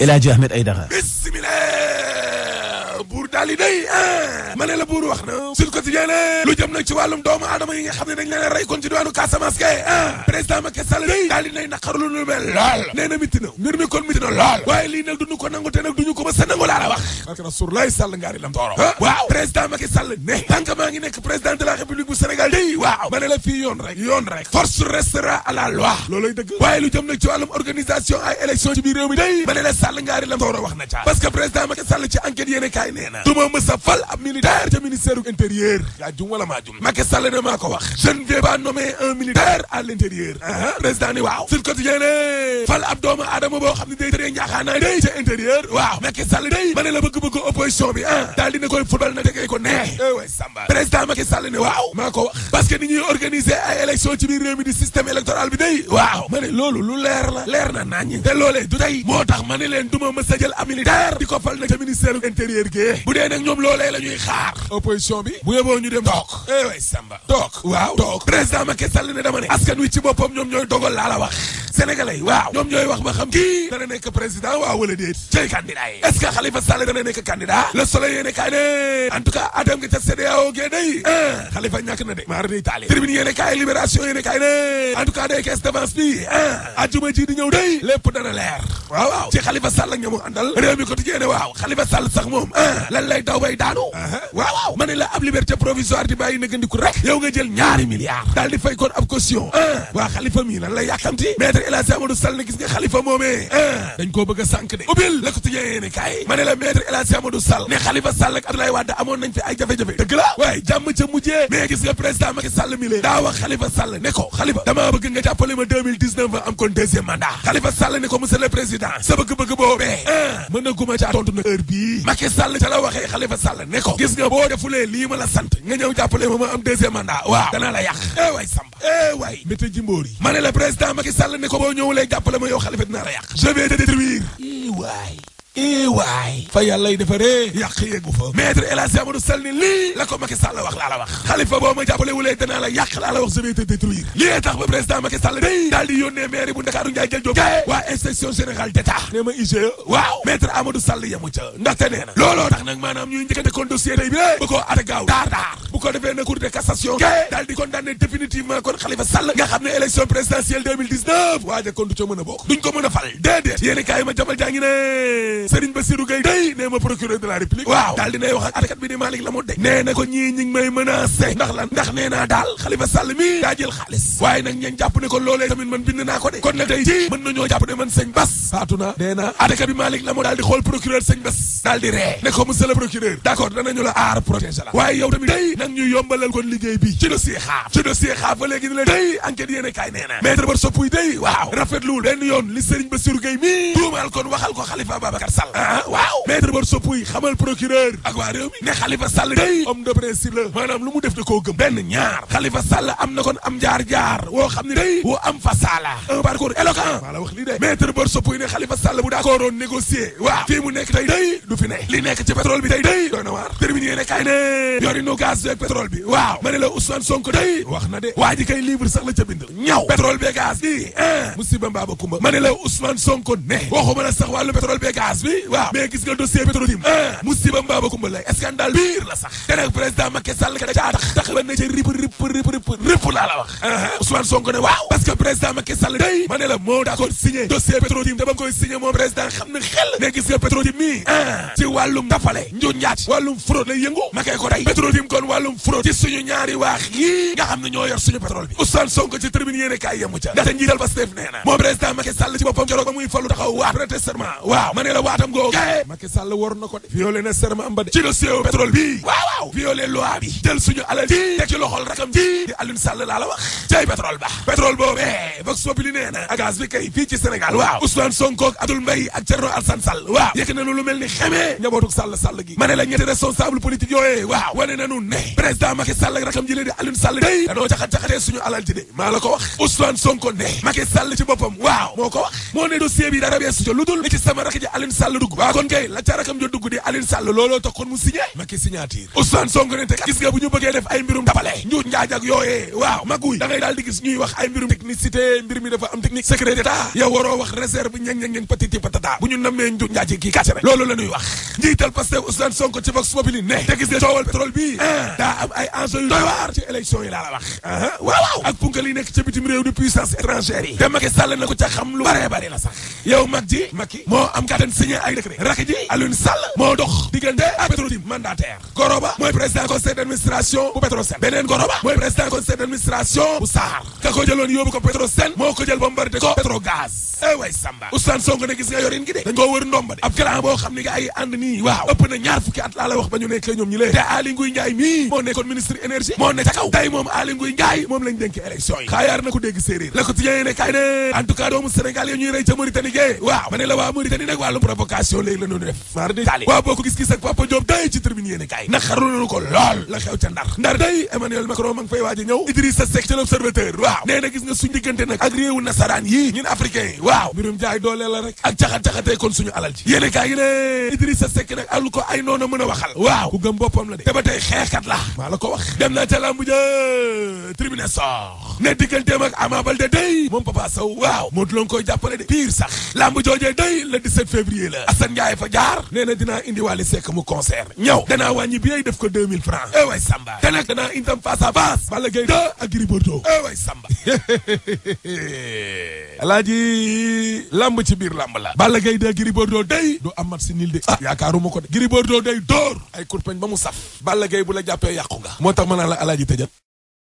الى جهه من اي دغائق daal di day ah ma ne la buur wax na Sud Quotidien ne lu jëm nag ci wàllum doomu aadama yi nga xam ne dañ leen a rey kon ci diwaanu Casamance kay ah président Macky Sall day daal di nay naqarlu lu mel lool nee na mitti na mbir mi kon mitti na lool waaye lii nag duñu ko nangu te nag duñu ko mës a nangu laa la wax parce que nag sur lay Sall ngaari lam tooro ah. waaw président Macky Sall ne tant que maa ngi nekk président de la République bu Sénégal day waaw ma ne la fii yoon rek yoon rek force restera à la loi loolay dëgg waaye lu jëm nag ci wàllum organisation ay élection ci biir réew mi day ma ne la Sall ngaari lam tooro wax na ca parce que président Macky Sall ci enquête yéene kaay nee na duma mës a fal ab militaire ca ministère du intérieur yaa jum wala maa jum Macky Sall ne maa ko wax je ne vais nommer un militaire à l'intérieur a ah, ah, président ni waaw sur quotidien ne fal ab doomu aadama boo xam ne day tëree njaaxaanaay day ca intérieur waaw Macky Sall day ma ne la bëgg-bëgg opposition bi ah daal dina koy football na tegee ko nee way eh samba président Macky Sall waaw maa ko wax parce que ni ñuy organiser ay élection ci biir réew di système électoral bi day waaw ma ne loolu lu leer la leer na nañ ma ne leen a jël bu dee nag ñoom loolee la ñuy xaar opposition bi bu yeboo ñu dem toog eh way Samba toog waaw toog président Macky Sall ne dama ne askan wi boppam ñoom ñooy dogal la wax sénégalais waaw ñoom ñooy wax ba xam kii dana nekk président waaw wala déet cay candidat yi est-ce que Khalifa Sall dana nekk candidat le soleil yéene kaay ne en tout cas atam nga ca CEDEAO gee day ah eh, Khalifa ñàkk de maar day taali tribune yéene libération yéene kaay ne en tout day caisse d'avance eh, waaw waaw ci Khalifa Sall sax moom ah daw bay daanu uh-huh. waaw waaw ab liberté provisoire di bàyyi nëgandiku rek yow nga jël ñaari milliards daal di fay kon ab caution ah waa Khalifa mii lan lay yàkkamti maître El Hadji Amadou Sall ne gis nga Khalifa moomee ah, ah. dañ koo bëgg a de ubbil la ko tijjee ne kaay ma ne la maître El Sall ne Khalifa Sall ak Abdoulaye Wade amoon nañ fi ay jafe-jafe dëgg la waaye jàmm ca mujjee mais gis nga président Macky Sall président sa bëgg-bëgg boobee ah. ah mën na guma caa tontu na heure bii Macky Sall ca la waxee Khalifa Sall ne ko gis nga boo defulee lii ma la sant nga ñëw jàppale ma ma am deuxième mandat waaw danaa la yàq eh waay Samba eh waay mbéte jimboor yi ma ne la président Macky Sall ne ko boo ñëwulee jàppale ma yow Khalifa dinaa la yàq je vais te détruire eh waay Eh, waay fa yàlla yi defaree yàq yeggu fa maître El Hadji Amadou Sall ni lii la ko Macky Sall wax laa la wax xalifa boo ma jàppale wulee danaa la yàq laa la wax je vais te détruire lii tax ba président Macky Sall day daal di yónnee maire bu Ndakaaru Ndiaye Jël Diop gaye waa inspection générale d'État ne ma IGE waaw maître Amadou Sall yamu ca ndaxte nee na looloo tax nag maanaam ñuy njëkkante kon dossier tey bi lé ba koo ata gaaw daar daar ko defee na cour de cassation kay daal di condamné définitivement a a la République waaw di xool procureur sëñ Bass daal di ree ne ko monsieur le procureur d'accord danañu la aar protéger la waaye yow tamit day ñoom ñu yombalal kon liggéey bi ci dossier xaaf ci dossier xaaf ba léegi ni day enquête yéene kaay nee na day waaw rafetluwul benn yoon li Serigne Bassirou Gueye mi tuumaal kon waxal ko Khalifa Babacar Sall ah, ah waaw maître Barso xamal procureur ak waa réew ne Khalifa Sall day homme de principe la maanaam lu mu def da koo gëm benn ñaar Khalifa am na kon am jaar-jaar woo xam ne day woo am fasala un parcours éloquent wala wax lii de li nekk bi yéene kaay ne yorinu gaz beeg pétrole bi waaw ma ne la Ousmane day wax na de waa ji kay livre sax la ca bind ñaw pétrole bi ah musiba mbaaba ma ne gis nga dossier Petrotim ah musiba mbaaba kumba lay scandale biir la sax te nag président Macky Sall ka da caa tax tax ba ne ca rip rip rip rip laa la wax Ousmane Sonko ne waaw parce que président Macky Sall day ma ne la moo d'accord signé dossier Petrotim te ba koy signé moom président xam na xel ne gis nga yëngu ma koy ko tey pétrole bi mu kon wàllum fraude ci suñu ñaari waax yii nga xam ne ñoo yor suñu pétrole bi Ousmane Sonko ci tribune yéene kaay yemu ca ndaxte njiital Pastef nee na moom président Macky Sall ci boppam keroog ba muy falu taxaw waat prêter serment waaw ma ne la waatam googu eh. Macky Sall war na ko de violé na bi waaw waaw violé loi bi suñu alal ji ci loxol rakam ji di Alioune Sall wax cay pétrole ba pétrole boobu vox populi nee na bi kay fii ci Sénégal waaw Ousmane Sonko ak Abdoul Mbaye ak Thierno Alassane Sall waaw yëkk lu mel ni xamee njabootuk Sall Sall gi ma la ñetti responsable waaw wane nanu ne président Macky Sall ak rakam jëlee di Alioune Sall day danoo jaxat-jaxatee suñu alal ji de maa la ko wax Ousmane Sonko ne Macky Sall ci boppam waaw moo ko wax moo ne dossier bi dara beesu ca lu dul li ci sama rak ji Alioune Sall dugg waa kon kay la ca rakam jo dugg di Alioune Sall looloo taxoon mu signé Macky signature Ousmane Sonko ne te gis nga bu ñu bëggee def ay mbirum dabale njuut njaaj ak yooyee waaw maguy da ngay daal di gis wax ay mbirum technicité ne te gis nga coowal pétrole bi eh. daa am ay enjeu yu doy waar ci élection yi laa la wax ah, ah. waaw waaw ak punkal yi nekk ca bitim di puissance étrangère yi te Macky Sall na ko ca xam lu bare bare la sax yow mag ji Macky moo am kàttan signé ay décret rakk ji Alioune Sall moo dox diggante ak Petro-Tim mandataire Goroba mooy président conseil d' administration bu Petrosen beneen Goroba mooy président conseil d' bu Sahar ka ko jëloon yóbbu ko Petrosen moo ko jël bombardé ko Petrogaz eh way Samba Ousmane Sonko ne gis nga yorin gi de dañ koo ndomba de ab grand boo xam ne nga ay ànd waaw ëpp na ñaar fukki at laa wax ba ñu nekkee ñoom ñi te Aly Ngouille Ndiaye mii moo nekkoon ministre énergie moo ne ca kaw moom Aly Ngouille Ndiaye moom lañ dénk élection yi xaayaar na ko dégg séeréer la ne kay ne en tout cas doomu ñuy rey ca Mauritanie gee waaw ma ne la waa ma a waaw nee na gis nga suñu diggante nag ak réewu nasaraan yii ñun africain yi waaw mbirum jaay doole la rek ak caxat-caxatee kon suñu alal ji yéene kaa yi ne Idrissa Seck nag ko ay noona mën a waxal waaw ku gëm boppam la de te ba tey xeexkat la maa la ko wax dem na ca lambu ja ne digganteem ak Ama Baldé day moom Papa Sow waaw Modou Lo koy jàppale de pire sax lamb joojee day le 17 février la Assane Ndiaye fa jaar nee na dinaa indi Wally Seck mu concert ñëw danaa wàññi billet def ko 2000 francs eh way Samba te nag danaa indi tam face à face Balla Gaye 2 ak Gris Bordeaux eh way Samba alaaji lamb ci biir lamb la Balla gay 2 Gris Bordeaux day du amat si nil de ah yaakaaruma ko de Gris Bordeaux day dóor ay kurpeñ ba mu saf Balla Gaye bu la jàppee yàqu nga moo tax ma naa la alaaji tëjal